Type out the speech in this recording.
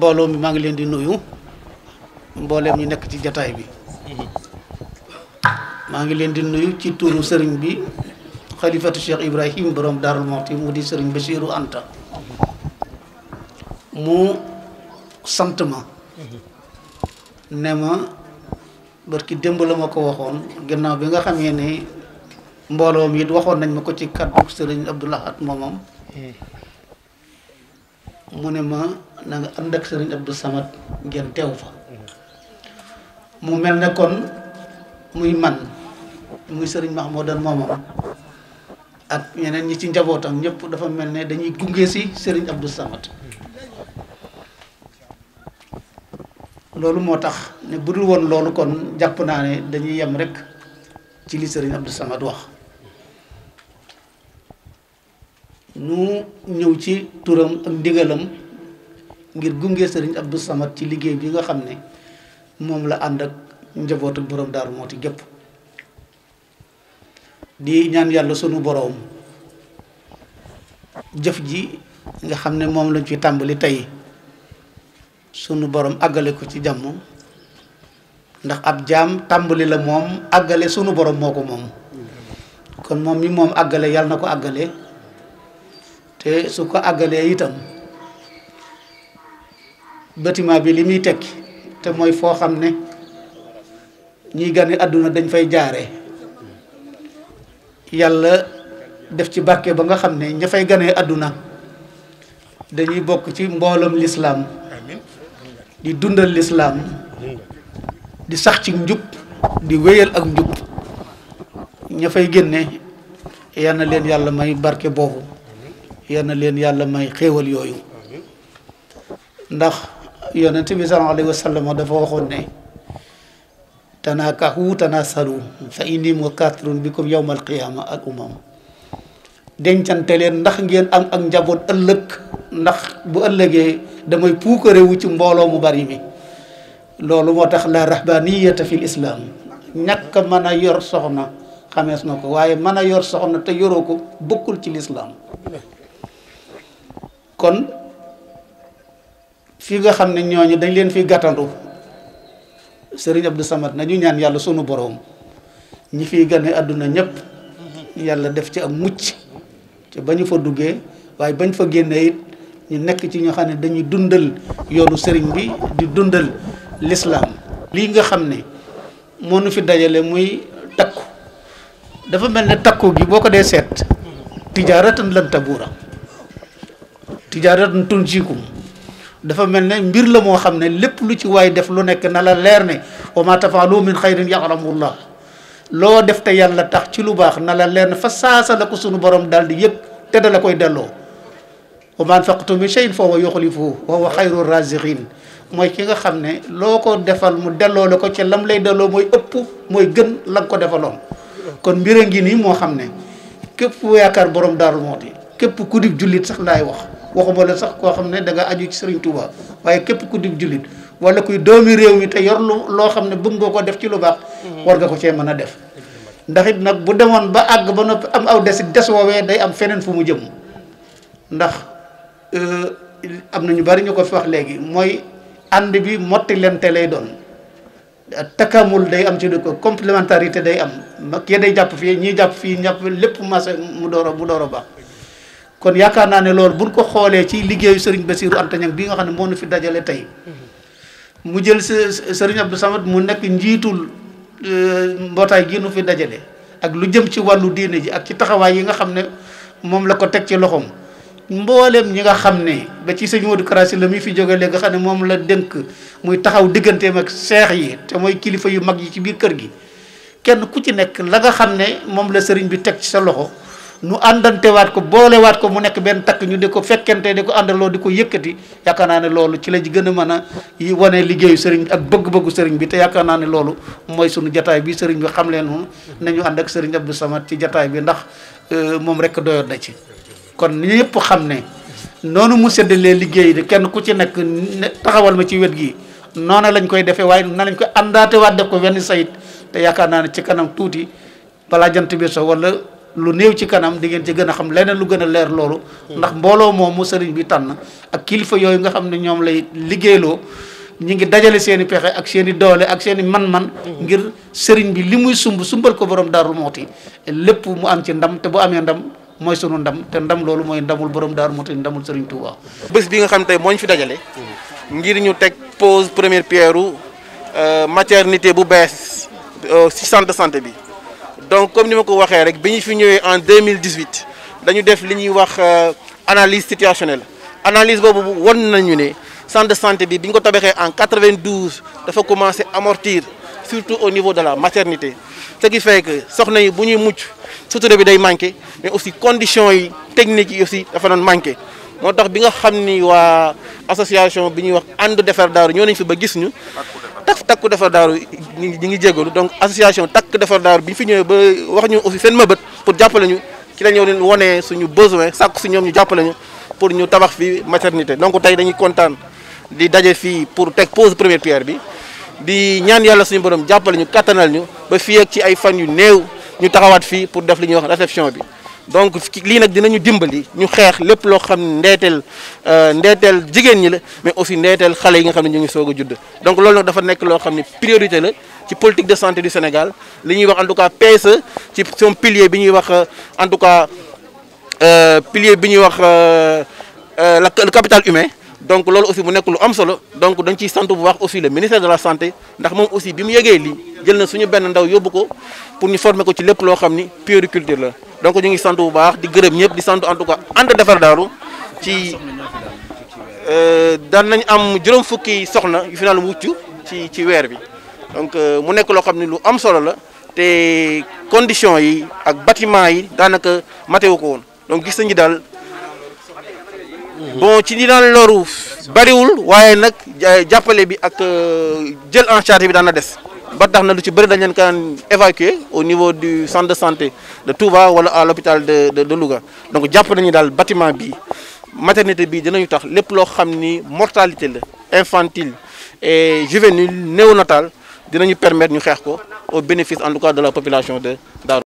mbooloo mi maa ngi leen di nuyu mbooleem ñu nekk ci jataay bi maa ngi leen di nuyu ci turu sëriñ bi xalifatu Cheikh Ibrahim borom Darou Mouhty mu di sëriñ Bachiru Anta mu sant ma ne ma barki démb la ma ko waxoon gannaaw bi nga xamee ne mbooloo mi it waxoon nañ ma ko ci kàddu sëriñ Abdoul Ahad moomam mu ne ma na nga ak sëriñ Abdou Samad ngeen teew fa mu mel ne kon muy man muy sëriñ Mahmoudan moomam ak ñeneen ñi ci njabootam ñëpp dafa mel ne dañuy gunge si sëriñ Abdou Samad loolu moo tax ne bu dul woon loolu kon jàpp naa ne dañuy yem rek ci li sëriñ Abdou Samad wax ñu ñëw ci turam ak ndigalam ngir gunge sëriñ Abdou Samad ci liggéey bi nga xam ne moom la ànd ak njaboot ak daaru moo ti gépp di ñaan yàlla sunu boroom jëf ji nga xam ne moom lañ fi tàmbali tey sunu boroom àggale ko ci jàmm ndax ab jaam tàmbali la moom àggale sunu boroom moo ko moom kon moom mi moom àggale yàlla na ko àggale te su ko àggalee itam bâtiment bi li muy tekki te mooy foo xam ne ñiy gane àdduna dañ fay jaare yàlla def ci barke ba nga xam ne ña fay ganee àdduna dañuy bokk ci mbooloom lislaam di dundal lislaam di sax ci njub di wéyal ak njub ña fay génne yal na leen yàlla may barke boobu yal na leen yàlla may xéewal yooyu ndax yonent bi sallallahu waxoon ne sallam dafa waxoon ne tanaakahu tanaasalu fa inni mukathirun bikum yawmal qiyaama al umam dencante leen ndax ngeen am ak njaboot ëllëg ndax bu ëllëgee damay puukarewu ci mbooloo mu bari mi loolu moo tax la rahbaniyata fil islaam ñàkk a mën a yor soxna xamees na ko waaye mën a yor soxna te yoroo ko bokkul ci lislaam kon fii nga xam ne ñooñu dañ leen fi gàttandu sëriñ Abdou Samad nañu ñaan yàlla sunu boroom ñi fi gane àdduna ñëpp yàlla def ci am mucc ci ba ñu fa duggee waaye bañ fa génnee it ñu nekk ci ñoo xam ne dañuy dundal yoonu sëriñ bi di dundal lislaam lii nga xam ne moo nu fi dajale muy takku dafa mel ne takku gi boo ko dee seet tijaaratan lan tabuura tijaaratun tunjiikum dafa mel ne mbir la moo xam ne lépp lu ci waay def lu nekk na la leer ne wa ma tafaalu min xayrin ya'lamullah loo def te yàlla tax ci lu baax na la leer ne fa saasa la ko sunu borom daal di yëg te da la koy delloo wa ma anfaqtum min shay'in fa huwa yukhlifuhu mooy ki nga xam ne loo ko defal mu delloo la ko ca lam lay delloo mooy ëpp mooy gën lan ko defaloon kon mbir a ngi nii moo xam ne képp yaakaar borom daaru mooti képp ku dib jullit sax laay wax waxuma la sax koo xam ne da nga aju ci Serigne Touba waaye képp ku di jullit wala kuy doomi réew mi te yor lu loo xam ne bëgg nga ko def ci lu baax. Mhm. war nga ko cee mën a def. ndax it nag bu demoon ba àgg ba noppi am aw desit des woowee day am feneen fu mu jëm ndax euh, am na ñu bari ñu ko fi wax léegi mooy ànd bi motti lente lay doon. takkamul day am ci ko complémentarité day am mag ya day jàpp fii ñii jàpp fii ñàpp lépp marché mu door mu door a baax kon yaakaar naa ne loolu buñ ko xoolee ci liggéeyu Serigne Bassirou Anta Niang bi nga xam ne fi dajale mu jël Serigne Abdou Samad mu nekk njiitul euh, mbootaay gi fi dajale ak lu jëm ci wàllu diine ji ak ci taxawaay yi nga xam ne moom la ko teg ci loxoom mbooleem yi nga xam ne ba ci sëñ Modou Kara la muy fi jóge léegi nga xam ne moom la dënk muy taxaw digganteem ak seex yi te mooy kilifa yu mag yi ci biir kër gi kenn ku ci nekk la nga xam ne moom la sëriñ bi teg ci sa loxo nu àndantewaat ko boolewaat ko mu nekk benn takk ñu di ko fekkente di ko àndaloo di ko yëkkati yaakaar naa ne loolu ci la ci gën a mën a yi wane liggéeyu sëriñ ak bëgg-bëggu sëriñ bi te yaakaar naa ne loolu mooy sunu jataay bi sëriñ bi xam leen moom nañu ànd ak sëriñ Abdou Samad ci jataay bi ndax euh, moom rek doyoon na ci kon ñëpp xam ne noonu mu séddalee liggéey de kenn ku ci nekk taxawal ma ci wet gi noona lañ koy defee waaye na lañ koy àndaatewaat def ko wenn sayit yaakaar naa ne ci kanam tuuti balaa jant bi so wala lu néew ci kanam di ngeen ci gën a xam leneen lu gën a leer loolu ndax mbooloo mu sëriñ bi tànn ak kilifa yooyu nga xam ne ñoom lay liggéeyloo ñu ngi dajale seen i pexe ak seen doole ak seen man-man mm-hmm. ngir sëriñ bi li muy sumb sumbal ko borom daarul mooti lépp mu am ci ndam te bu amee ndam mooy sunu ndam te ndam loolu mooy ndamul borom daarul mooti ndamul sëriñ Touba. bés bi nga xam tey moo ñu fi dajale mm-hmm. ngir ñu teg pose première pierre u euh, maternité bu bees euh, ci centre santé bi donc comme ni ma ko waxee rek bi ñu fi ñëwee en 2018 dañu def li ñuy wax euh, analise situationnelle analyse boobu won nañu ne centre de santé bi bi ñu ko tabaxee en 92 dafa commencé amortir surtout au niveau de la maternité ce qui fait que soxna yi bu ñuy mucc sutura bi day manqué mais aussi conditions yi techniques yi aussi dafa doon manqué moo tax bi nga xam ni waa association bi ñuy wax ànd defar daaru ñoo nañ fi ba gis ñu staff takku defar daaru ñu ngi jégalu donc association takk defar daaru bi fi ñëwee ba wax ñu aussi seen mëbët pour jàppale ñu ci la ñu leen suñu besoin sàkku si ñoom ñu jàppale ñu pour ñu tabax fi maternité donc tey dañuy kontaan di daje fii pour teg pose première pierre bi di ñaan yàlla suñu borom jàppale ñu kattanal ñu ba fii ci ay fan yu néew ñu taxawaat fii pour def li ñuy wax réception bi. donc lii nag dinañu dimbali ñu xeex lépp loo xam ne ndeeteel euh, ndeeteel jigéen ñi la mais aussi ndeeteel xale yi nga xam ne ñu ngi soog a judd donc loolu nag dafa nekk loo xam ni priorité la ci politique de santé du Sénégal li ñuy wax en tout cas PSE ci son pilier bi ñuy wax euh, en tout cas euh, pilier bi ñuy wax la le capital humain donc loolu aussi mu nekk lu am solo donc dañ ciy sant bu baax aussi le ministère de la santé ndax moom aussi bi mu yegee lii jël na suñu benn ndaw yóbbu ko pour ñu former ko ci lépp loo xam ni puériculture la donc ñu ngi sant bu baax di gërëm ñëpp di sant en tout cas ànd defar daaru ci euh, daan nañ am juróom fukki soxna yu final mucc ci ci weer bi donc euh, mu nekk loo xam ni lu am solo la te condition yi ak bâtiment yi daanaka matewu ko woon donc gis nañu daal bon ci ñi daan loru bariwul waaye nag jàppale bi ak euh, jël en charge bi daana des ba tax na lu ci bëri dañ leen kan évacuer au niveau du centre de santé de Touba wala à l'hôpital de de Louga donc jàpp nañu daal bâtiment bi maternité bi dinañu tax lépp loo xam ni mortalité la infantile et juvénile néonatal dinañu permettre ñu xeex ko au bénéfice en tout cas de la population de Darou